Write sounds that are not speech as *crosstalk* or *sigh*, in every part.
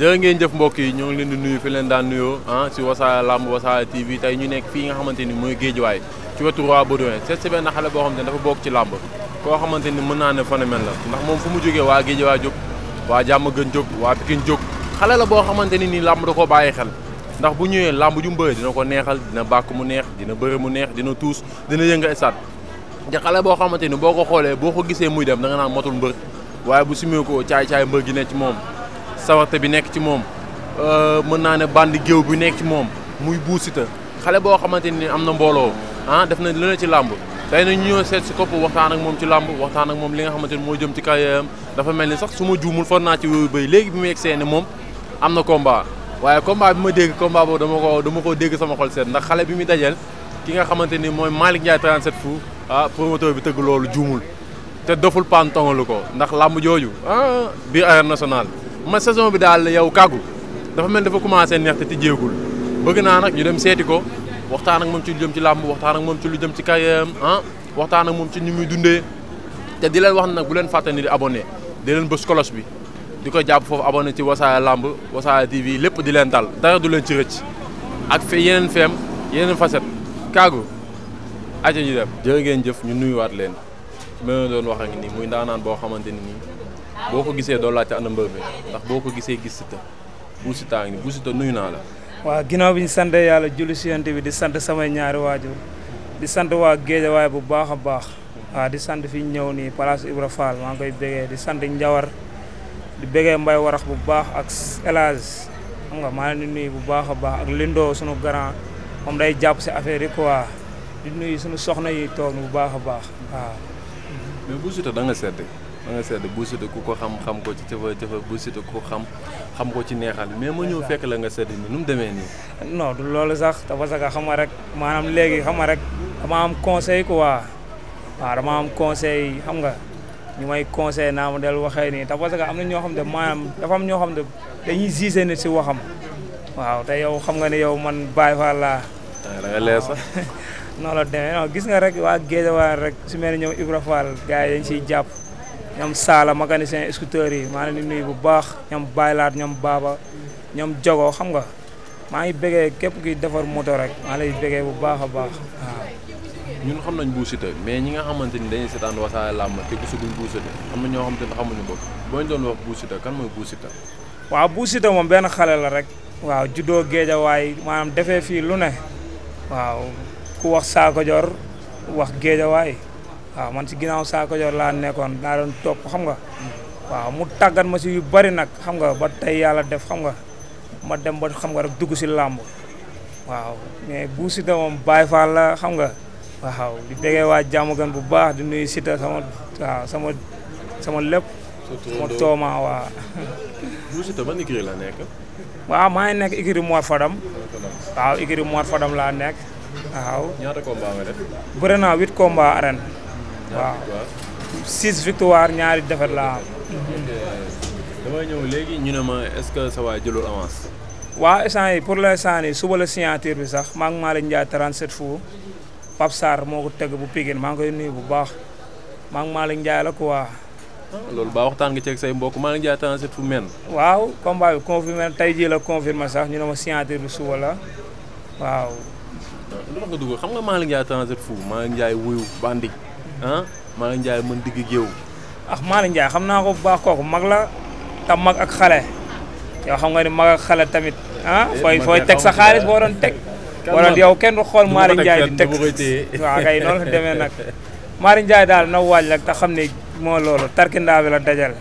jërë ngeen jëf mbokk yi ñoo ngi leen di nuyu fi leen daan nuyoo ah si Wassare Lamb Wassare TV tey ñu nekk fii nga xamante ni muy mooy géejuwaay ci wetu Roi Baudouin seet si benn xale boo xamante ne dafa bokk ci làmb koo xamante ni mën naa ne phénomène la ndax moom fu mu jógee waa géejuwaay jóg waa jàmm gën jóg waa Pikine jóg xale la boo xamante ni nii làmb da ko bàyyi xel ndax bu ñëwee làmb ju mbëre dina ko neexal dina bàkk mu neex dina bëre mu neex dina tuus dina yënga estaat te xale boo xamante ni boo ko xoolee boo ko gisee muy dem da nga naan motul mbër waaye bu simee ko caay-caay mbër ci moom sawarte bi nekk ci moom euh, mën naa ne band géew bi nekk ci moom muy Bou Siteu xale boo xamante ni am na mbooloo ah def na lële ci làmb tey na ñu ñëw seet si kopp waxtaan ak moom ci làmb waxtaan ak moom li nga xamante ni moo jëm ci carrière am dafa mel ni sax suma ma juumul for naa ci wéyu béy léegi bi mu yegsee ne moom am na combat waaye combat bi ma dégg combat boobu dama ko dama ko dégg sama xol seet ndax xale bi muy dajal ki nga xamante ni mooy Malick Ndiaye 37 fu ah promoteur bi tëgg loolu juumul te doful paan tongalu ko ndax làmb jooju ah biir arène nationale ma saison bi daal yow kàggu dafa mel dafa commencé neex te tijjeegul bëgg naa nag ñu dem seeti ko waxtaan ak moom ci lu jëm ci làmb waxtaan ak moom ci lu jëm ci kayam ah waxtaan ak moom ci ni muy dundee te di leen wax nag bu leen fàtte di abonné di bës kolos bi di ko jàpp foofu abonné ci wasaare làmb wasaare TV lépp di leen dal dara du leen ci rëcc ak fi yeneen feem yeneen facette kàggu aja ñu dem jërë jëf ñu nuyuwaat leen ma doon wax ak ni muy ndaanaan boo xamante ni nii boo ko gisee doo laajte ana mbër mi ndax boo ko gisee gis Siteu Bou Siteu a ngi nii nuyu naa la. waaw ginnaaw bi ñu sant yàlla julli si bi di sant samay ñaari waajur di sant waa Géejawaay bu baax a baax. waaw di sant fi ñëw nii place Ibra Fall maa ngi koy bégee di sant Njawar di bégee Mbay Warax bu baax ak El xam nga maa ngi nuyu bu baax a baax ak Lindo suñu grand moom day jàpp si affaire yi quoi di nuyu suñu soxna yi toog bu baax a baax waaw. mais Bou da nga sedd. ma nga sedd Bou Siteu ko xam xam xam xam ko ci neexal mais ma ñëw fekk la nga sedd ni nu demee nii. non du loolu sax te parce xam nga rek maanaam léegi xam nga rek dama am conseil quoi waaw dama xam nga ñu may conseil naa ma del waxee nii te parce am na ñoo xam ne maanaam dafa ñoo xam ne dañuy gisee si waxam waaw te yow xam nga ne yow man Baye Fall laa. Ah, da nga leer sax. *laughs* noonu la demee non gis nga rek waa Géejawaar rek su mel ñoom Ibra Fall gars yi dañ siy jàpp. ñoom saala mécanicien scooter yi maa ngi leen di nuyu bu baax ñoom baylaat ñoom baaba ñoom jogo xam nga maa ngi bëggee képp kuy defar moto rek maa lay bëggee bu baax a baax waaw ñun xam nañ Bou Siteu mais ñi nga xamante ni dañuy seetaan Wassare Lamb te gisaguñ Bou Siteu am na ñoo xamante ni xamuñu ko boo ñu doon wax Bou Siteu kan mooy Bou Siteu waaw Bou Siteu moom benn xale la rek waaw juddoo géejawaay maanaam defee fii lu ne waaw ku wax saako jor wax géejawaay waaw man si ginnaaw saako joor laa nekkoon naa doon topp xam nga. waaw mu tàggat ma si yu bari nag xam nga ba tey yàlla def xam nga ma dem ba xam nga rek dugg si làmb waaw mais bu Siteu moom Baay Faal xam nga waaw di bëggee waa jàmm bu baax di nuyu Siteu sama sama sama lépp. sama *laughs* la nekk. waaw maa ngi nekk écurie Mor Fadam. laa nekk waaw. ñaata combat nga def. waaw six victoire ñaari défaite la am. damay ñëw léegi ñu ne ma est-ce que sa waay jëlul avance. waaw instant yi pour l'instant nii suba bi sax maa ngi Malick Ndiaye 37 fou Pape Sarr moo ko tëgg bu Pikine maa ngi koy nuyu bu baax maa ngi Malick Ndiaye ko waa ah, loolu ba waxtaan nga ceeg say mbokk Malick Ndiaye 37 fou men. waaw combat bi confirmé tey jii la confirmé sax ñu ne ma signature bi suba la waaw. Ah, lu nga dugg xam nga Malick Ndiaye 37 fou Malick Ndiaye wuyu bandi. ah Malick Ndiaye mën digg jéw ah Malick Ndiaye xam naa ko baax kooku mag la te mag ak xale yow xam nga ni mag ak tamit ah eh, fooy fooy teg sa xaalis boo doon teg. *laughs* wala yow kenn du xool Malick Ndiaye di teg *laughs* waaw kay noonu la demee nag *laughs* Malick Ndiaye daal na waaj rek te xam ne moo loolu tarkindaa bi la dajal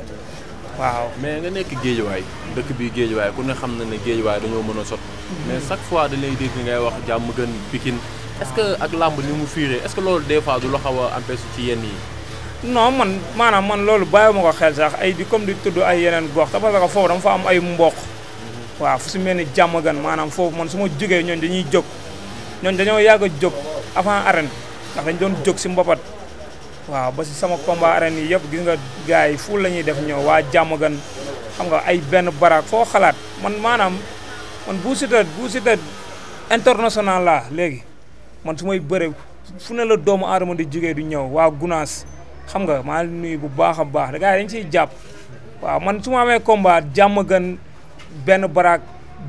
waaw. mais nga nekk géejuwaay dëkk bi waay ku ne xam na ne géejuwaay dañoo mën a sot mais chaque fois da lay dégg ngay wax jàmm gën Pikine est-ce que ak làmb ni mu fiire est-ce que loolu des fois du la xaw a empêche ci yenn yi. non man maanaam man loolu bàyyiwuma ko xel sax ay di comme di tudd ay yeneen gox te parce que foofu dama fa am ay mboq. Mhm. waaw fu si mel ni jàmm gan maanaam foofu man su ma jógee ñooñu dañuy jóg ñooñu dañoo yàgg a jóg avant arène ndax dañ doon jóg si mbapat. waaw ba si sama combat arène yi yëpp gis nga gars yi fu la ñuy def ñëw waa jàmm gan xam nga ay benn baraak foo xalaat man maanaam man bu Siteu bu Siteu international laa léegi. man su may bëre fu ne la doomu aadama di jógee du ñëw waa gunaas xam nga maa nuy bu baax a baax da gaa yi dañ siy jàpp waaw man su ma amee combat jàmm gan benn baraak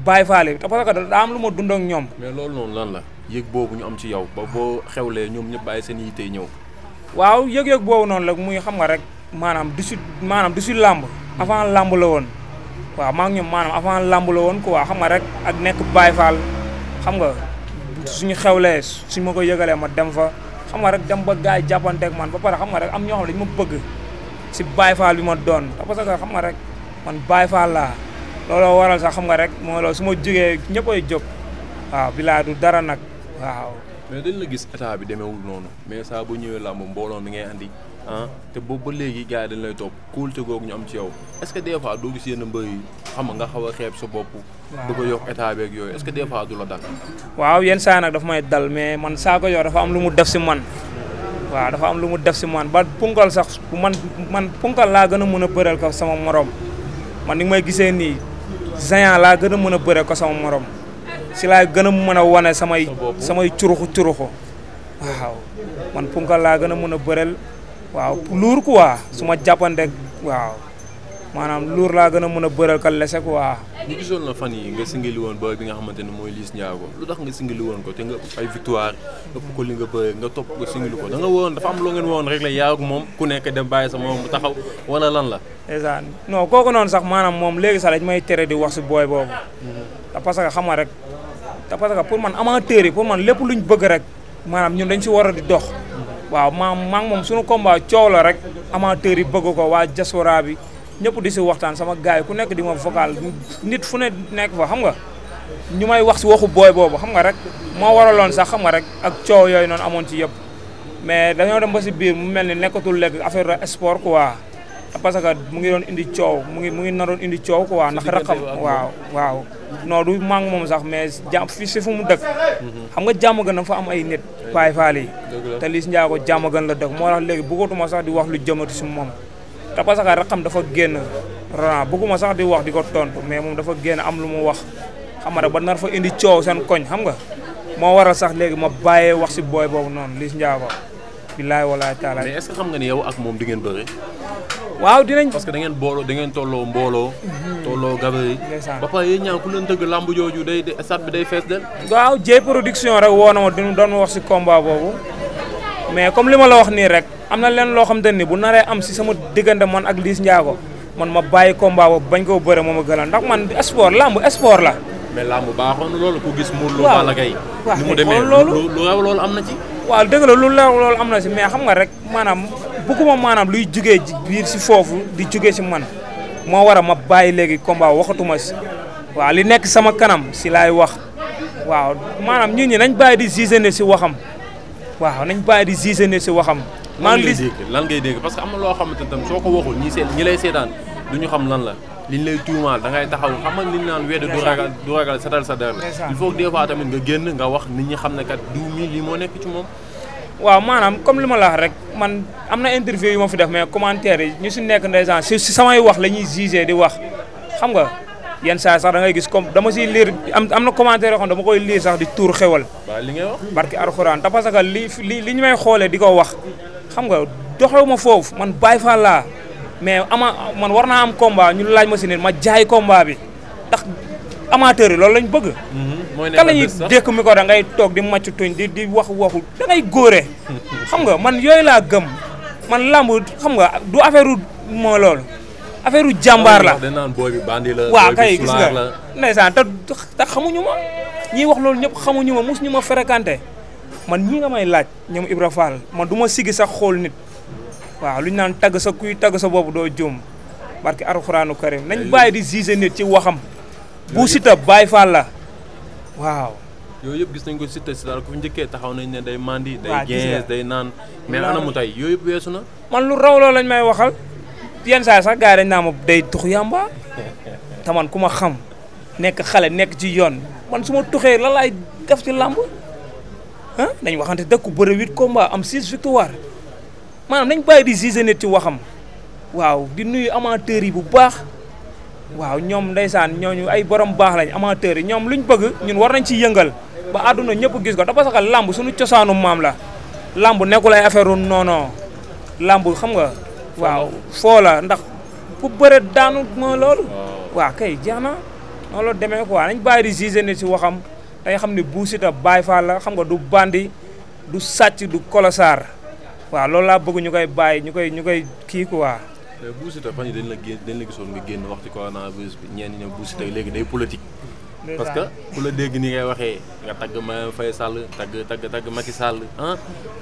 bàyyi faale te parce que daa am lu ma dund ak ñoom. mais loolu noonu lan la yëg boobu ñu am si yow ba boo xewlee ñoom ñëpp bàyyi seen yitte ñëw. waaw yëg-yëg boobu noonu la muy xam nga rek maanaam du si maanaam du si làmb avant làmb la woon waaw maa ngi ñoom maanaam avant làmb la woon quoi xam nga rek ak nekk bàyyi faal xam nga. suñu xewlee suñ ma ko yëgalee ma dem fa xam nga rek dem ba gars yi man ba pare xam nga rek am ñoo xam ne dañu ma bëgg si Baye Fall bi ma doon parce que xam nga rek man Baye Fall laa looloo waral sax xam nga rek mooy loolu su ma jógee ñëpp ay jóg waaw bilaa du dara nag waaw. mais dañ la gis état bi demeewul noonu mais saa bu ñëwee làmb mbooloo mi ngay andi. Ah, te boobu ba léegi gars yi dañ lay toog kóolute googu ñu am ci yow est-ce que des fois doo gis yenn mbër yi xam nga xaw a xeeb sa bopp. du ko yokk état beeg yooyu est-ce que des fois du la dal. waaw yenn saa nag dafa may dal mais man saa ko yor dafa am lu mu def si man. waaw dafa am lu mu def si man ba punkal sax man man punkal laa gën a mën a bëreel ko sama moroom man ni may gisee nii géant laa gën a mën a bëreel ko sama morom si laa gën a mën a wane samay. samay curuxu curuxu waaw man punkal laa gën a mën a bëreel. waaw luur quoi su ma jàppante waaw maanaam luur laa gën a mën a bëral ka lese quoi. ñu gisoon la fan yi nga singili woon booy bi nga xamante ne mooy Liss Ndiago lu tax nga singili woon ko te nga ay victoire ëpp ko li nga bëre nga topp ko singili ko da nga woon dafa am loo ngeen woon rek la yaa moom ku nekk dem bàyyi sa moom mu taxaw wala lan la. ndeysaan non kooku noonu sax maanaam moom léegi sax lañ may tere di wax si booy boobu. Mhm. parce que xam nga rek. parce que pour man amateur yi pour man lépp luñ bëgg rek maanaam ñun dañ si war a di dox. waaw maam maa moom suñu combat coow la rek amateur yi bëgg ko waa diaspora bi ñëpp di si waxtaan sama gars yi ku nekk di ma vocal nit fu ne nekk fa xam nga ñu may wax si waxu booy boobu xam nga rek moo waraloon sax xam nga rek ak coow yooyu noonu amoon ci yëpp mais dañoo dem ba si biir mu mel ni nekkatul léegi affaire sport quoi. parce que mu ngi doon indi coow mu ngi mu ngi naroon indi coow quoi ndax rakam waaw waaw noo du maa moom sax mais jàmm fi si fu mu dëkk mhm. xam nga jàmm gën dafa am ay nit Baay Faal yi te Liss Ndiago jàmm gën la dëkk moo tax léegi bëggatuma sax di wax lu jëmati si moom te parce que rakam dafa génn bëgguma sax di wax di ko tontu mais moom dafa génn am lu mu wax xam nga ba nar fa indi coow seen koñ xam nga moo waral sax léegi ma bàyyee wax si booy boobu noonu Liss Ndiago billaay walaay taalaay. mais est ce que xam nga ni yow ak moom di ngeen bëre. waaw dinañ. parce que da ngeen booloo da ngeen tolloo mbooloo. Mhm. tolloo gabarit. ba pare yéen ñaar ku leen tëgg lamb jooju day stade bi day fees del. waaw Dieye production rek woo na ma doon ma wax si combat boobu mais comme li ma la wax nii rek am na leen loo xam te ni bu naree am si sama diggante man ak Liss Ndiago man ma bàyyi combat boobu bañ koo bëre moom a gënal ndax man sport lamb sport la. mais lamb baaxoon loolu ku gis. waaw waaw loolu mu demee lu raw loolu am na ci. waaw dëgg la lu leer loolu am na si mais xam nga rek maanaam bëgguma maanaam luy jugee biir si foofu di jugee si man moo war a ma bàyyi léegi combat waxatuma si waaw li nekk sama kanam si laay wax waaw maanaam ñun ñi nañ bàyyi di zizane si waxam waaw nañ bàyyi di zizane si waxam. man li lan ngay dégg parce que am loo xamante ne tam soo ko waxul ñi seet ñi lay seetaan du ñu xam lan la. liñ lay tuumaal da ngay taxaw xam nga liñ naan weddi du ragal du ragal setal sa der il faut que des tamit nga génn nga wax nit ñi xam ne kat diw mi lii moo nekk ci moom waaw maanaam comme li ma la wax rek man am na interview yu ma def mais commentaire yi ñu si nekk wax la ñuy jugé di wax xam nga yenn saa sax da ngay gis comme dama siy lire am am na commentaire yoo xam dama koy lire sax di tuur xewal. waaw li ngay wax. barki arxuraan te parce que li li ñu may xoolee di ko wax xam nga doxewu ma foofu man Baay Faal laa mais ama man war naa am combat ñu laaj ma si ne ma jaay combat bi ndax amateur yi loolu lañ bëgg. Mhm, mooy kan la ñuy dékk mi ko da ngay toog di màcc tuñ di di waxu da ngay góore. xam nga man yooyu laa gëm man làmb xam nga du affaire moo loolu. affaire jàmbaar la waaw kay gis nga ndeysaan te te xamuñu ma ñiy wax loolu ñëpp xamuñu ma ñu ma fréquenté man ñi nga may laaj ñoom Ibra Fall man du ma sigi sax xool nit waaw lu ñu naan tagg sa kuy tagg sa boobu doo juum barki alxuraanu karim nañ bàyyi di gise nit ci waxam bu Siteu Baay Faal la waaw yooyu yëpp gis nañ ko Siteu si daal ku fi njëkkee taxaw nañ ne day mandi day day naan mais ana mu tay yooyu yëpp weesu na man lu raw loolu lañ may waxal yenn saa sax gars yi dañ naa ma day tux yàmba *laughs* te man ku ma xam nekk xale nekk ci yoon man su ma tuxee la laay def ci làmb ah dañ waxante dëkk bëre huit combat am six victoire maanaam nañ bàyyi di gise ci waxam waaw di nuyu amateurs yi bu baax waaw ñoom ndeysaan ñooñu ay borom baax lañ amateurs yi ñoom luñ bëgg ñun war nañ ci yëngal ba àdduna ñëpp gis ko da parce que làmb suñu cosaanu maam la làmb nekkul la affaire non non làmb xam nga waaw foo ndax ku bëre daanu moo loolu kay jeex na noonu la demee quoi nañ bàyyi di gise ci waxam day xam ne Bou Siteu Baye Fall la xam nga du bandi du sàcc du kolosaar waaw loolu laa bëgg ñu koy bàyyi ñu koy ñu koy kii quoi. mais Bou Siteu fan yii dañ la génn gisoon nga génn wax ci coronavirus bi ñenn ñi ne Bou Siteu léegi day politique. parce que ku la dégg ni ngay waxee nga tagg ma Faye Sall tagg tagg tagg Macky Sall ah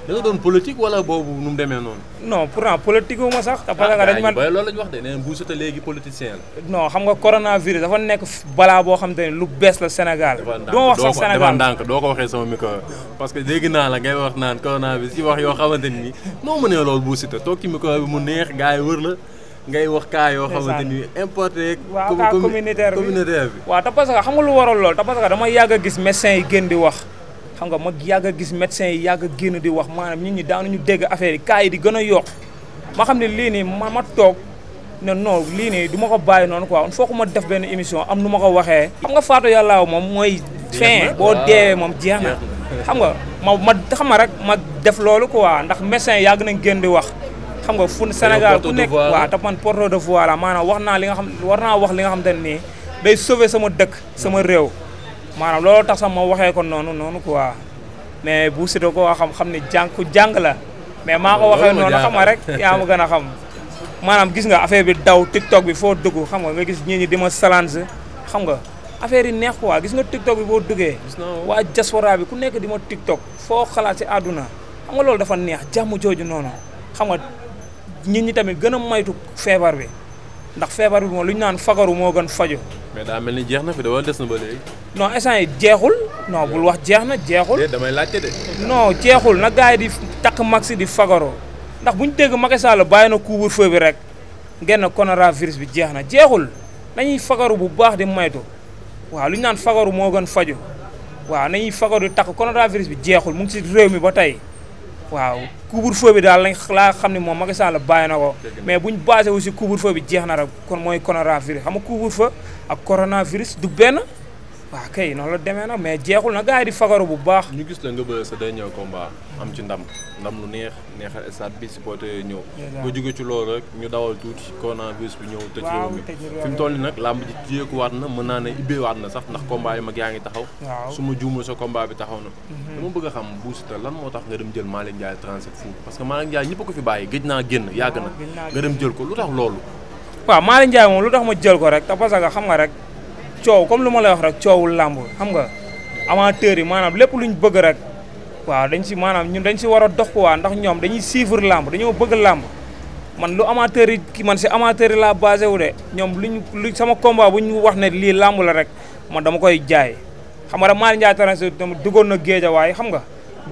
da nga doon politique wala boobu nu mu demee noonu. non pourtant politique wu ma sax. te parce que ah, dañ man ñu wax de nee bu sotee léegi politicien la. dafa nekk balaa boo xam te ne lu bees la Sénégal. doo wax sax Sénégal ndànk doo ko waxee sama micro parce que dégg naa la ngay wax naan coronavirus yi wax yoo xamante ni noo mënee loolu bu sotee toog ci micro bi mu neex gars yi wër la. ngay wax kaa yoo xamante ni importé waaw kaa communautaire bi communautaire bi waaw te parce que xam nga lu waral lool te parce dama yàgg a gis médecins yi génn di wax xam nga ma yàgg a gis médecins yi yàgg a génn di wax maanaam nit ñi daanuñu dégg affaire yi kaa yi di gën a yokk ma xam ne lii nii ma ma toog ne non lii nii du ma ko bàyyi noonu ko il faut que ma def benn émission am nu ma ko waxee xam nga faatu yàllaaw moom mooy fin boo deewee moom jeex xam nga ma ma xam nga rek ma def loolu ko waa ndax médecins yàgg nañ génn di wax xam nga fu Sénégal ku nekk waaw te man porte de voix la maanaam wax naa li nga xam war wax li nga day sauver sama dëkk sama réew maanaam looloo tax sax ma waxee ko noonu noonu quoi mais bu sita ko xam xam ne jàng ku jàng la mais maa ko waxee noonu xam nga rek yaa ma gën a xam maanaam gis nga affaire bi daw TikTok bi foo dugg xam nga gis ñii ñi di ma salange xam nga affaire yi neex quoi gis nga TikTok bi boo duggee waa diaspora bi ku nekk di ma TikTok foo xalaat si àdduna xam nga loolu dafa neex jàmm jooju noonu xam nga nit ñi tamit gën a maytu feebar bi ndax feebar bi moom lu ñu naan fagaru moo gën faju mais daa mel ni jeex na fi da wala des na ba léegi. non instant yi jeexul. non bul wax jeex na jeexul. damay laajte de. jeexul na gars di takk max di fagaru ndax bu ñu dégg Macky Sall bàyyi na couvre-feu bi rek genn coronavirus bi jeex na jeexul nañuy fagaru bu baax di moytu waaw lu ñu naan fagaru moo gën faju na ñuy fagaru takk coronavirus bi jeexul mu ngi ci réew mi ba tey. waaw couvre-feu bi daal lañ laa xam ne moom Macky Sall bàyyi na ko mais buñ basé wu si couvre bi jeex na rek kon mooy coronavirus xam nga couvre-feu a coronavirus du benn waaw kay noonu la demee nag mais jeexul na gaa yi di fagaru bu baax. ñu gis la nga bëgg sa dernier combat am ci ndam ndam lu neex neexal stade bi supporter yi ñëw. nga jóge ci loolu rek ñu dawal tuuti coronavirus bi ñëw. tëj réew mi fi mu toll nii nag làmb ji jéekuwaat na mën naa ne ibbeewaat na sax ndax combat yi mag yaa ngi taxaw. su ma juumul sa combat bi taxaw na. Mhm. dama bëgg xam Bou lan moo tax nga dem jël Malick Ndiaye 37 fou parce que Malick Ndiaye ñëpp a ko fi naa génn yàgg na nga dem jël ko lu tax loolu. waaw Malick Ndiaye lu tax ma jël ko rek te parce que xam nga rek coow comme lu ma la wax rek coowul làmb xam nga amateurs yi maanaam lépp luñ bëgg rek waaw dañ si maanaam ñun dañ si war a dox waa ndax ñoom dañuy suivre làmb dañoo bëgg làmb man lu amateur yi ki man si amateur yi laa basé wu de ñoom luñ lu sama combat bu ñu wax ne lii làmb la rek man dama koy jaay xam nga da Malick Ndiaye Teranga dama duggoon na géejawaay xam nga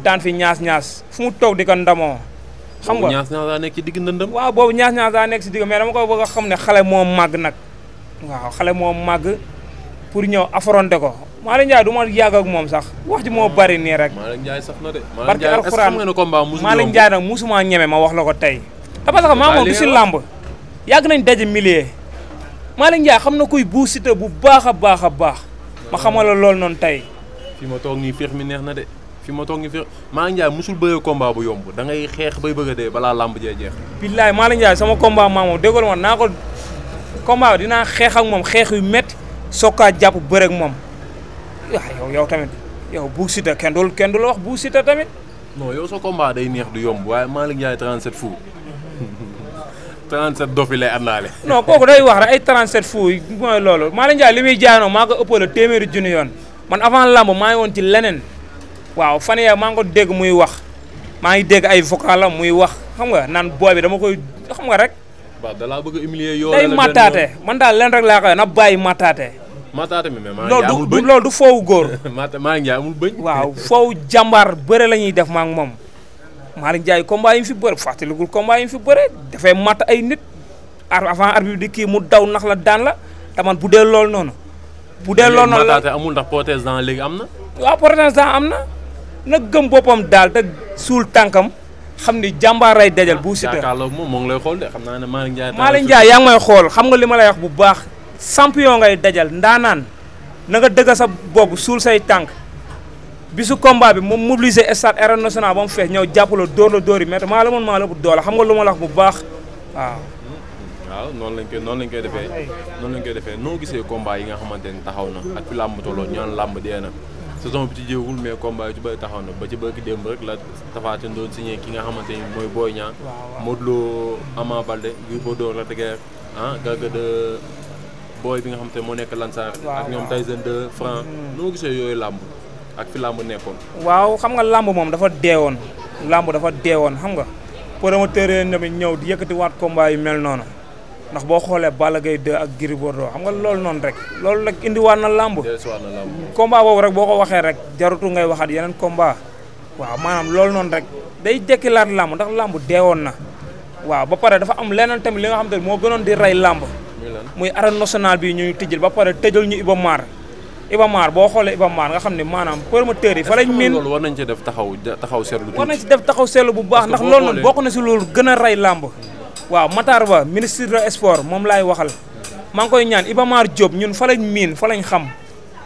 daan fi ñaas-ñaas fu mu toog di ko ndamoo xam nga ñaas ñaas daa nekk ci digg ndëndëm waaw boobu ñaas ñaas daa nekk si digg mais dama ko bëgg a xam ne xale moo màgg nag waaw xale moo màgg pour ñëw affronter ko Malick Ndiaye du moom sax wax ji moo bari nii rek. Malick Ndiaye sax na de. Malick Ndiaye est-ce que xam nga ne combat wax la ko tey. te ah, parce que maa moom du yàgg nañ daje millier Malick Ndiaye xam na kuy bu Siteu bu baax a baax a baax ma xamal la loolu noonu tey. fi ma toog nii féex mi neex na de fi ma toog nii féex Malick Ndiaye musul bëre combat bu yomb da ngay xeex bay bëgg a balaa làmb jee jeex. billaay Malick Ndiaye sama combat maa moom déggoo naa ko combat dinaa xeex moom xeex yu métti soog kaa jàpp bëreeg moom yow yow tamit yow Bou Siteu kenn dul kenn dul wax Bou Siteu tamit. non yow sa combat day neex du yomb waaye Malick Ndiaye 37 fu 37 dofi lay àndaale. *laughs* non kooku day ay 37 fu mooy loolu Malick Ndiaye li muy jaanoo maa ko ëppale téeméeri junni yoon man avant lamb maa ngi woon ci leneen waaw fan yaa maa ngi ko dégg muy wax maa ngi dégg ay vocal la muy wax xam nga naan booy bi dama koy xam nga rek. waaw da laa bëgg a humilier yow mataate man daal leen rek laa koy na bàyyi mataate. mataate mi mais maa ngi amul bëñ du foowu góor. *laughs* mata maa ngi amul bëñ. waaw foowu jàmbaar bëre la ñuy def maa moom. maa Ndiaye combat yi mu fi bëre fàttalikul combat yi mu fi bëre dafay mat ay nit avant arbitre di kii mu daw nax la daan la te man bu dee noonu. bu dee loolu noonu la amul ndax protestant léegi am na. waaw protestant am na na gëm boppam daal te suul tànkam. xam ni jàmbaar ay dajal. bu Siteu jàkkaarloo moom moo ngi lay xool de xam naa ne Malick Ndiaye. Malick Ndiaye yaa ngi xool xam nga li ma lay wax bu baax. champion ngay dajal ndaanaan na nga sa bopp suul say tànk bi su combat bi moom mobiliser stade arène nationale ba mu fees ñëw jàppale dóor la dóor yi mais maa la mën maa la bu doole xam nga lu ma la wax bu baax waaw. waaw noonu lañ koy noonu lañ koy defee noonu lañ koy defee noo gisee combat yi nga xamante ni taxaw na ak fi làmb tolloo ñu làmb dee na saison bi tijjeewul mais combat yi ci bëri na ba ci bëri démb rek la Tapha Tine doon signé ki nga xamante ni mooy booy Niang. waaw Modou Lo Ama Baldé Gris Bordeaux la ah Garga booy bi nga xamante ne moo nekk Lansar. ak ñoom Tyson de Franc. Mm-hmm. nu gisee yooyu làmb ak fi làmb nekkoon. waaw xam nga làmb moom dafa deewoon. làmb dafa deewoon xam nga. promoteur yi ñëw di yëkkati waat combat yu mel noonu. ndax boo xoolee Balla gay 2 ak Gris Bordeaux xam nga loolu noonu rek loolu rek indiwaat na làmb combat boobu rek boo ko waxee rek jarutu ngay waxaat yeneen combat waaw maanaam loolu noonu rek day dekkilaat làmb ndax làmb deewoon na waaw ba pare dafa am leneen tamit li nga xam te moo gënoon di rey làmb muy arène nationale bi ñuy tijjil ba pare tëjël ñu Iba maar Iba Mar boo xoolee Iba Mar nga xam ne maanaam promoteurs yi fa lañ miin war nañ ci def taxaw taxaw seetlu war nañ ci def taxaw seetlu bu baax ndax loolu noonu bokk na si loolu gën a rey làmb waaw Matar Ba ministre de sport moom laay waxal maa ngi koy ñaan Iba Mar Diop ñun fa lañ miin fa lañ xam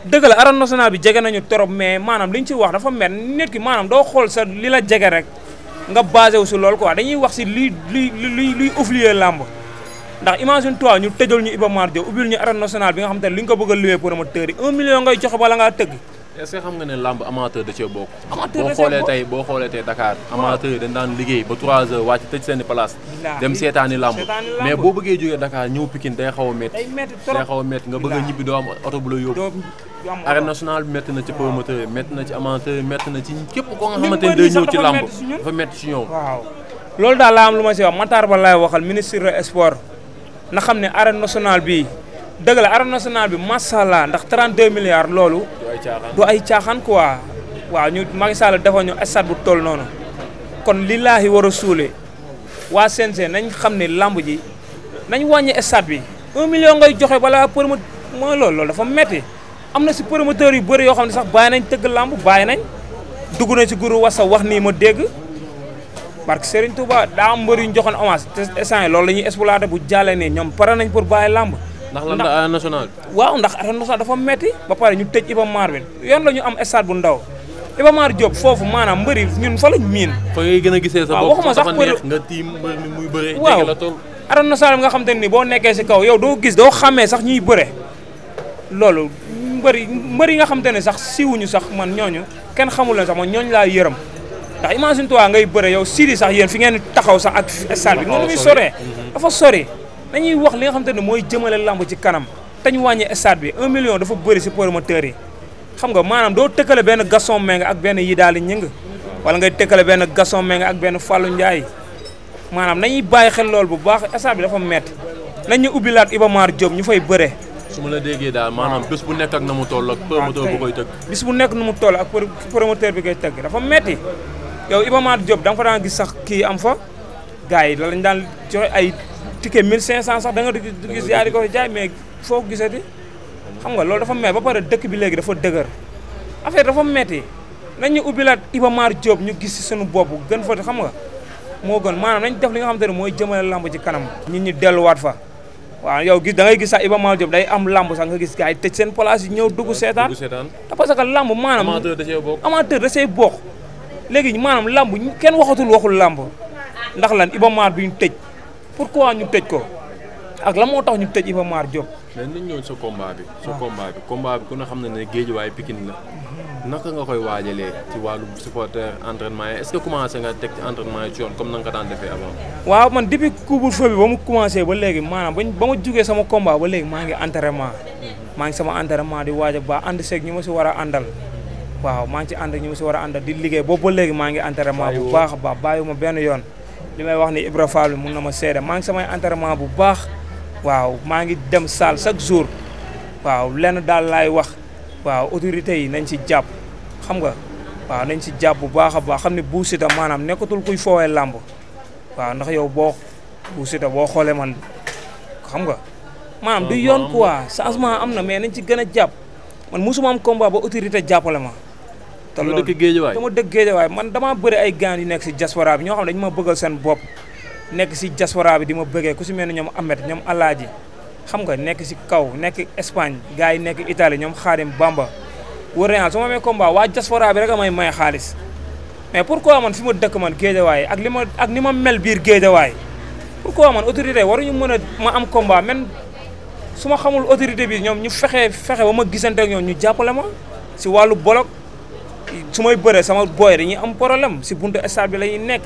dëgg la arène nationale bi jege nañu trop mais maanaam li ñu ci wax dafa mel nit ki maanaam doo xool sa li la jege rek nga basé wu si loolu quoi dañuy wax si luy luy luy luy oublier làmb ndax imagine toi ñu tëjal ñu Iba Mar ubbil ñu arène nationale bi nga xam te ne li ñu ko bëgg a loué promoteur yi million ngay joxe bala ngaa tëgg. est-ce xam nga ne làmb amateur da cee bokk. amateur boo xoolee tey boo xoolee tey Dakar. amateur yi daan liggéey ba 3 heures wàcc tëj seen i place. dem seetaani làmb mais boo bëggee jógee Dakar ñëw Pikine day xaw a day xaw a métti nga bëgg a ñibbi doo am oto bu la yóbbu. arène nationale bi métti na ci promoteur métti na ci amateur métti na ci képp koo nga xamante ne day ñëw ci làmb dafa métti si ñoom. waaw loolu daal laa am lu ma si wax Matar Ba laay waxal ministre de na xam ne arène nationale bi dëgg la arène nationale bi macha allah ndax 32 milliards loolu du ay caaxaan quoi waaw ñu Macky Sall dafa ñu stade bu toll noonu kon lillaahi war a suule waa CNG nañ xam ne lamb ji nañ wàññi stade bi un million ngay joxe balaa promo mooy loolu loolu dafa metti am na si promoteurs yu bëri yoo xam ne sax bàyyi nañ tëgg lamb bàyyi nañ dugg na si guru wasa wax ni ma dégg parce que Serigne Touba daa am mbër yu ñu joxoon te instant loolu la ñuy bu jàllee ne ñoom pare nañ pour bàyyi lamb ndax lan la arène nationale waaw ndax arène nationale dafa metti ba pare ñu tëj Iba Mar bi yoon la ñu am stade bu ndaw Iba Mar Diop foofu maanaam mbëri ñun fa lañ miin. fa ngay gën a gisee sa bopp dafa neex nga tiim mbër mi muy bëree. waaw la toll arène bi nga xam te ni boo nekkee si kaw yow doo gis doo xamee sax ñuy bëre loolu mbëri mbëri nga xam ne sax siwuñu sax man ñooñu kenn xamul leen sax man ñooñu laa yërëm ndax imagine toi ngay bëre yow sii di sax yéen fi ngeen taxaw sax ak stade bi. nga muy soree dafa sori dañuy wax li nga xamante ne mooy jëmale lamb ci kanam te ñu wàññi stade bi million dafa bëri si promoteur yi xam nga maanaam doo tëkkale benn Gaston Mbengue ak benn Yidaly Gningue wala ngay tëkkale benn Gaston Mbengue ak benn Fallou Ndiaye maanaam nañuy bàyyi xel lool bu baax stade bi dafa metti nañ ñu ubbilaat Iba Mar Diop ñu fay bëre. su ma la déggee daal maanaam bés bu nekk ak na mu toll ak promoteur bu koy tëgg. bés bu nekk nu mu toll ak promoteur bi koy tëgg dafa metti yow Iba Mar Diop da nga fa daan gis sax kii am fa gars yi lañ daan joxe ay. ti ticket 1500 sax da nga gis yaa di ko jaay mais foo ko gisati xam nga loolu dafa metti ba pare dëkk bi léegi dafa dëgër affaire dafa metti nañ ñu ubbilaat Iba Mar Diop ñu gis si boobu bopp gën fa xam nga moo gën maanaam nañ def li nga xamante ne mooy jëmale lamb ji kanam. nit ñi delluwaat fa waaw yow gis da ngay gis sax Iba Mar Diop day am lamb sax nga gis gars yi tëj seen place yi ñëw dugg seetaan. dugg seetaan te parce que lamb maanaam. amateur da cee bokk amateur da cee bokk léegi maanaam kenn waxatul waxul lamb ndax lan Iba bi ñu tëj. pour pourquoi ñu tëj ko ak la moo tax ñu tëj Iba Mar Diop. mais nañ ñëw sa combat bi. sa combat bi combat bi ku ne xam na ne géej waaye Pikine la. naka nga koy waajale ci wàllu supporter entraînement yi est-ce commencé nga teg ci entraînement yi ci yoon comme na nga ko daan defee avant. waaw man depuis couvre-feu bi ba mu ba léegi maanaam bañ ba ma jugee sama combat ba léegi maa ngi entraînement. maa ngi sama entraînement di waaj a ba ànd seeg ñu ma si war a àndal. waaw maa ngi ci ànd ak ñu ma war a àndal di liggéey boobu léegi maa ngi entraînement bu baax a baax bàyyiwuma benn yoon. li may wax ni Ibra Fall mun na ma seede maa ngi samay entraînement bu baax waaw maa ngi dem salle chaque jour waaw lenn daal laay wax waaw autorité yi nañ ci jàpp xam nga waaw nañ ci jàpp bu baax a baax xam ne Bou Siteu maanaam nekkatul kuy foowee làmb waaw ndax yow boo Bou boo xoolee man xam nga maanaam du yoon quoi changement am na mais nañ ci gën a jàpp man mosuma am combat ba autorité jàppale ma te loolu dëkk géejawaay dama dëkk géejawaay man dama bëri ay gaan yu nekk si diaspora bi ñoo xam ne dañu ma bëggal seen bopp nekk si diaspora bi di ma bëggee ku si mel ne ñoom amet ñoom Alaaji xam nga nekk si kaw nekk Espagne gars yi nekk Italie ñoom Xaadim Bamba wër nañu ma amee combat waa diaspora bi rek a may may xaalis mais pourquoi man fi ma dëkk man géejawaay ak li ma ak ni ma mel biir géejawaay pourquoi man autorité waruñu mën a ma am combat même su ma xamul autorité bi ñoom ñu fexe fexe ba ma gisante ak ñoom ñu jàppale ma si wàllu bolok su may bëree sama booy dañuy am problème si buntu stade bi la nekk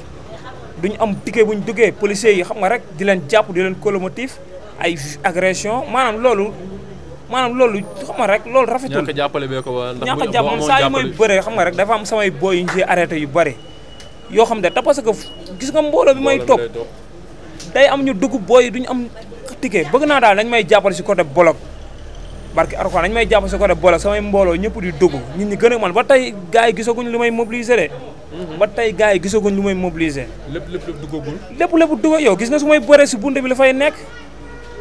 nekk ñu am bu ñu duggee policiers yi xam nga rek di leen jàpp di leen colomotif ay agression maanaam loolu maanaam loolu xam nga rek loolu rafetul. ñàkk a jàppale bee ko waa ndax ñàkk a jàpp moom saa yu may bëree xam nga rek dafa am samay booy yu ñu yu bëri yoo xam ne te parce que gis nga mbooloo bi may toog day am ñu dugg booy ñu am ticket bëgg naa daal dañ may jàppale si côté bloc barki Alxuraan dañu may jàpp si côté boole samay mbooloo ñëpp di dugg nit ñi gën a man ba tey gars yi gisaguñ lu may mobiliser de. Mhm. ba tey gars yi gisaguñ lu may mobiliser. lépp lépp lépp duggagul. lépp lépp dugg yow gis na su may bëree si bunte bi li fay nekk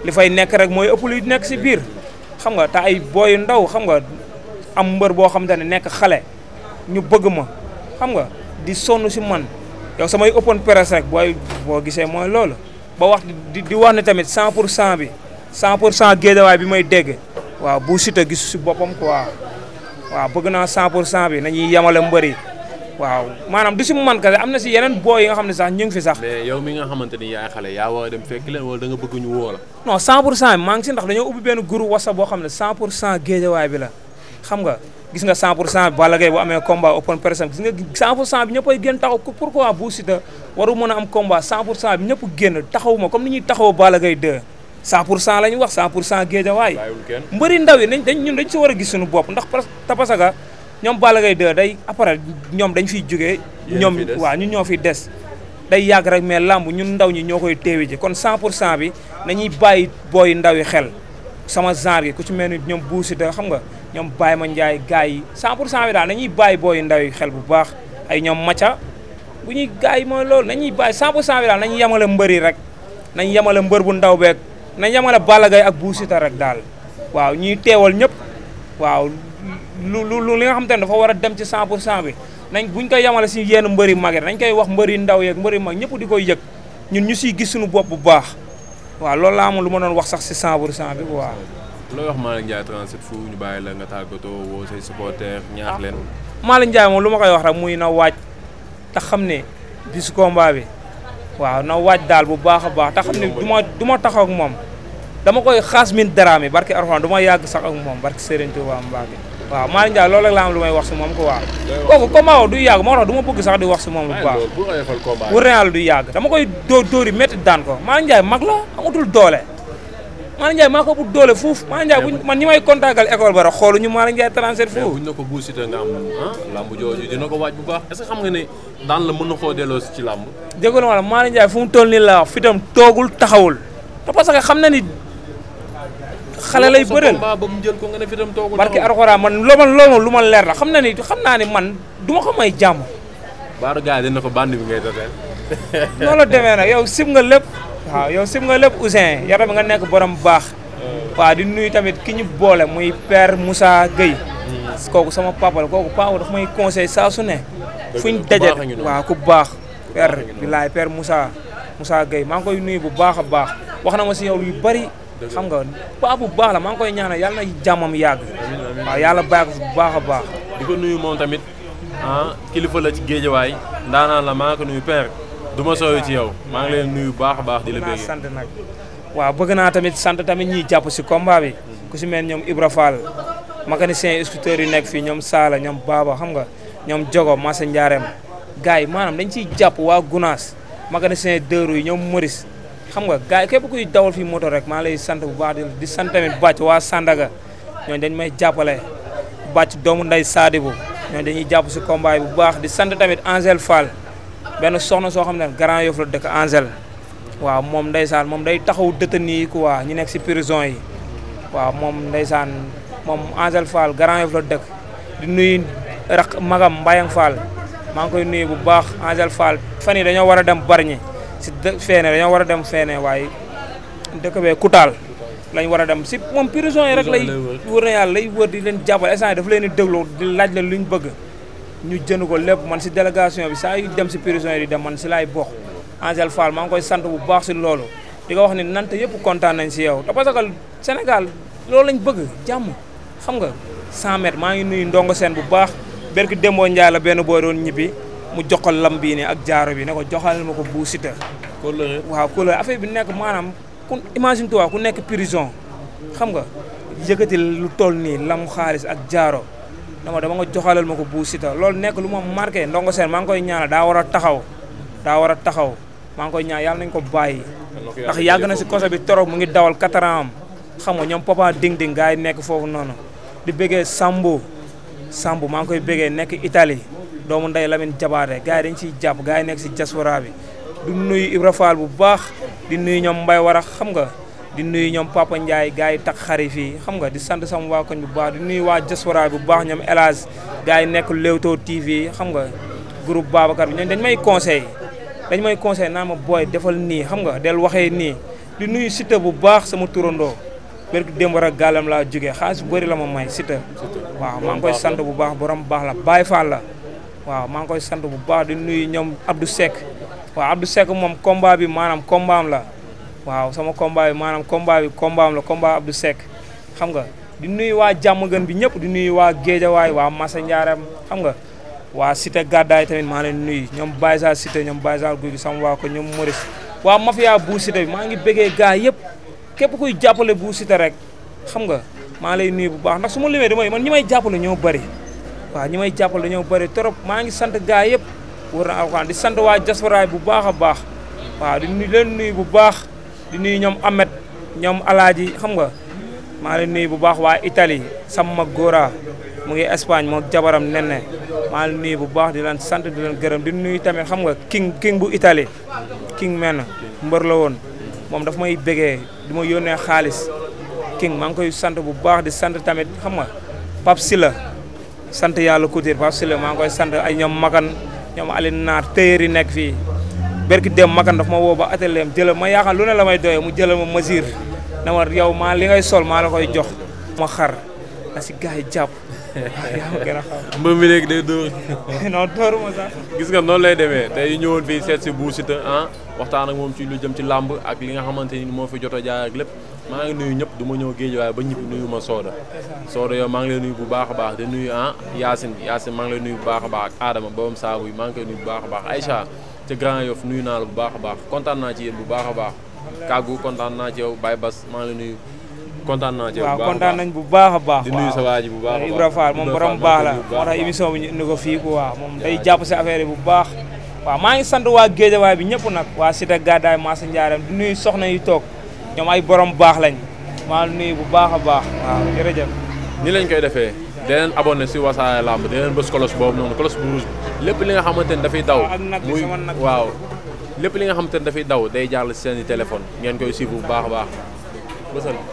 li fay nekk rek mooy ëpp luy nekk si biir xam nga te ay booy ndaw xam nga am mbër boo xam ne nekk xale ñu bëgg ma xam nga di sonn si man yow samay open press rek booy boo gisee mooy loolu ba wax di di wax ne tamit 100 pour 100 bi 100 pour 100 bi may dégg. waaw bu Siteu gis si boppam quoi waaw bëgg naa 100 pour cent bi nañuy yemale mbëri waaw maanaam du si man kese am na si yeneen boo yi nga xam ne sax ñu ngi fi sax. mais yow mi nga xamante ni yaay xale yaa war a dem fekk leen wala da bëgg ñu woo la. non 100 pour cent maa ngi si ndax dañoo ubbi benn groupe WhatsApp boo xam ne 100 pour cent géejawaay bi la xam nga. gis nga 100 pour cent Balla Gaye bu amee combat pour cent bi ñëppay génn taxaw pourquoi Bou Siteu waru mën am combat 100 pour cent bi ñëpp génn taxaw ma comme ni ñuy taxaw Balla Gaye 2 100 pour cent la ñu wax 100 pour cent géejawaay mbëri ndaw yi nañ dañ ñun dañ si war a gis suñu bopp ndax tapasaka ñoom Balla Gaye 2 day après ñoom dañ fiy jógee ñoom waaw ñun ñoo fi des day yàgg rek mais làmb ñun ndaw ñi ñoo koy teewi ji kon 100 pour cent bi nañuy bàyyi booy ndaw yi xel sama genre yi ku ci mel ni ñoom buusi da xam nga ñoom Baye ma Ndiaye gars yi 100 pour cent bi daal nañuy bàyyi booy ndaw yi xel bu baax ay ñoom maca bu ñuy gars yi mooy loolu nañuy bàyyi 100 pour cent bi daal nañuy yemale mbër yi rek nañ yemale mbër bu ndaw beeg nañ yamale Balla Gaye ak Bou Siteu rek daal waaw ñuy teewal ñëpp waaw lu lu li nga xam te ne dafa war a dem ci 100 pour cent bi bu buñ koy yamale si yenn mbëri mag yi nañ koy wax mbëri ndaw yeeg mbari mag ñëpp di koy yëg ñun ñu siy gis suñu bopp bu baax waaw loolu laa amoon lu ma doon wax sax si 100 pour cent bi waaw. looy wax Malick Ndiaye 37 fu ñu bàyyi la nga tàggatoo woo say supporters ñaax leen. Malick Ndiaye moom lu ma koy wax rek muy na waaj te xam ne bisu combat bi. waaw na waaj daal bu baax a baax te xam ne du ma du ma taxaw moom dama koy xaas min daraami barki Alxuraan du ma yàgg sax ak moom barki Serigne Touba Mbacke waaw Malick Ndiaye loolu rek a am lu may wax si moom ko waa kooku combat wo du yàgg moo a du ma bëgg sax di wax si moom lu baax bu réel du yàgg dama koy dóor dóori métti daan ko Malick Ndiaye mag la amatul doole Malick Ndiaye maa ko bu doole fuuf Malick Ndiaye buñ man ñi may contactal école bara xoolu ñu Malick Ndiaye transfert fuuf buñ na ko Bou Siteu nga am ah lamb jooju dina ko waaj bu baax est-ce que xam nga ne daan la mën na koo delloo ci lamb dégg la wala Malick Ndiaye fu mu toll nii laa wax fi tam toogul taxawul te parce que xam na ni xale lay bëreel barke Alxuraan man loo ma loo ma lu ma leer na xam na ni xam naa ni man du ma ko may jàmm baaru gars yi dina ko bànd bi ngay dooteel noonu la demee nag yow sib nga lépp waaw yow sim nga lépp Ouzin yaram nga nekk borom baax. waa di nuyu tamit ki ñu boole muy per Moussa Gueye. kooku sama papa la kooku papa daf may conseil saa su ne. fuñ daje waaw ku baax. père bilaay père Moussa Moussa Gueye maa ngi koy nuyu bu baax baax wax na ma si yow yu bari xam nga paa bu baax la maa ngi koy ñaanal yàlla na jàmmam yàgg. waaw yàlla bàyyi ko bu baax a baax. di ko nuyu moom tamit ah kilifa la ci géejawaay ndaanaan la maa ngi nuyu père. du ma sooy ci yow maa ngi leen nuyu baax a baax di la bëggee sant nag waaw bëgg naa tamit sant tamit ñiy jàpp si combat bi ku si mel ñoom Ibra Fall mécanicien sculpteur yi nekk fii ñoom Saala ñoom Baba xam nga ñoom Jogo Massa Ndiarème gars yi maanaam dañ ciy jàpp waa Gunaas mécanicien dëru yi ñoom Maurice xam nga gars yi képp kuy dawul fii moto rek maa lay sant bu baax di sant tamit bàcc waa Sandaga ñooñu dañ may jàppale bàcc doomu nday Sadibou ñooñu dañuy jàpp si combat bu baax di sant tamit Angel Fall benn soxna soo xam ne Grand Yoff la dëkk Angèle waaw moom ndeysaan moom day taxaw détenu yi quoi ñu nekk si prison yi waaw moom ndeysaan moom Angèle Fall Grand Yoff la dëkk di nuyu rak magam Mbayang Fall maa ngi koy nuy bu baax Angèle Fall fan yi dañoo war a dem ñi si feene dañoo war a dem feene waaye dëkk bee Koutal lañ war a dem si moom prison yi rek lay wër na yàlla lay wër di leen jàppale instant daf leen di déglu di laaj la luñ bëgg ñu jënd ko lépp man si délégation bi saa dem si prison yi di dem man si laay bokk Angel Fall maa ngi koy sant bu baax si loolu di ko wax ni nante yëpp kontaan nañ si yow te parce que Sénégal loolu ñu bëgg jàmm xam nga 100 maa ngi nuyu ndongo seen bu baax berk Demba Ndiaye la benn boo doon ñibbi mu jox ko lam bii nii ak jaaro bi ne ko joxal ma ko bu sita waaw couleur affaire bi nekk maanaam ku imagine toi ku nekk prison xam nga yëkkati lu toll nii lam xaalis ak jaaro dama dama nga joxalal ma ko Bou Siteu loolu nekk lu ma marqué ndongo seen maa ngi koy ñaanal daa war a taxaw daa war a taxaw maa ngi koy ñaan yàlla nañ ko bàyyi ndax yàgg na si koso bi torop mu ngi dawal quatre ans am xam ñoom papa ding-ding gars nekk foofu noonu di bëggee Sambo sambu maa ngi koy bëggee nekk itali doomu ndey Lamine Jabaate gars yi dañ siy jàpp gars yi nekk si diaspora bi du nuyu Ibra Fall bu baax di nuyu ñoom Mbay war a xam nga di nuyu ñoom Papa Ndiaye gars yi takk xari fii xam nga di sant sama waa koñ bu baax di nuyu waa diaspora bu baax ñoom El Hadj gars yi nekk Leewtoo TV xam nga groupe Babacar bi ñooñu dañ may conseil dañ may conseil naa ma booy defal nii xam nga del waxee nii di nuyu Siteu bu baax sama turandoo bërki démb rek gàllam laa jógee xaalis bu bari la ma may Siteu waaw maa ngi koy sant bu baax borom baax la Baye Fall la waaw maa ngi koy sant bu baax di nuyu ñoom Abdou Seck waaw Abdou Seck moom combat bi maanaam combat la waaw sama combat bi maanaam combat bi la combat Abdou Seck xam nga di nuy waa jàmm gën bi ñëpp di nuyu waa waay waa Massa Ndiarème xam nga waa Cité Gaddaay tamit maa leen nuyu ñoom Baye Sall Cité ñoom Baye Sall guy gi sama waa ko ñoom Maurice waa mafia maa ngi bëggee gars yëpp képp kuy jàppale bu Cité rek xam nga maa lay nuy bu baax nag su ma limee damay man ñi may jàppale ñoo bëri waa ñi may jàppale dañoo bëri trop maa ngi sant gars yëpp war na alxuraan di sant waa diaspora bu baax a baax waaw di leen nuyu bu baax di nuyu ñoom Ahmed ñoom alaaji xam nga maa leen nuyu bu baax waa Italie sama góora mu ngi Espagne moo jabaram nen ne maa leen nuyu bu baax di leen sant di leen gërëm di nuy tamit xam nga king king bu Italie king men mbër la woon moom dafa may bégee di ma yónnee xaalis king maa ngi koy sant bu baax di sant tamit xam nga Pape Silla sant yàlla couture Pape Silla maa ngi koy sant ay ñoom Makan ñoom Alioune Naar téyeer yi nekk fii berki dem makan daf ma woo ba atelier am jëlal ma yaakaar lu ne la may doyee mu jëlal ma masiir na ma yow maa li ngay sol maa la koy jox ma xar na si gars yi jàpp ma a xam *laughs* mi léegi day dóor *laughs* non gis nga noonu lay demee tey ñëwoon fii seet si Bou Siteu ah waxtaan moom ci lu jëm ci làmb ak li nga xamante ni moo fi jot a lépp maa ngi nuyu ñëpp du ma ñëw géej waaye ba ñibbi nuyu ma Sooda Sooda yow maa ngi lay nuyu bu baax a baax di nuyu ah Yacine Yacine maa ngi lay nuyu bu baax baax ak Adama boobam saabu yi maa ngi koy nuyu bu baax a baax Aïcha ca Grand Yoff nuyu naa la bu baax a baax kontaan naa ci yéen bu baax a baax kàggu kontaan naa ci yow Baye Bass maa ngi kontaan naa ci yow baax nañ bu baax a baax. di sa waa bu baax a moom borom baax émission bi ñu indi ko fii quoi moom day jàpp si affaire yi bu baax. waaw maa ngi sant waa Géejawaay bi ñëpp nag waa Cité Gadaay Massa Ndiarème di nuyu soxna yi toog ñoom ay borom baax lañ maa ngi nuyu bu baax a baax waaw jërëjëf. ni lañ koy defee. deneen abonné si wasaare làmb deneen bës kolos boobu noonu kolos bu rouge lépp li nga xamante ni dafay daw muy waaw lépp li nga xamante ni dafay daw day jàll si seen i téléphone ngeen koy suivre bu baax a baax bësal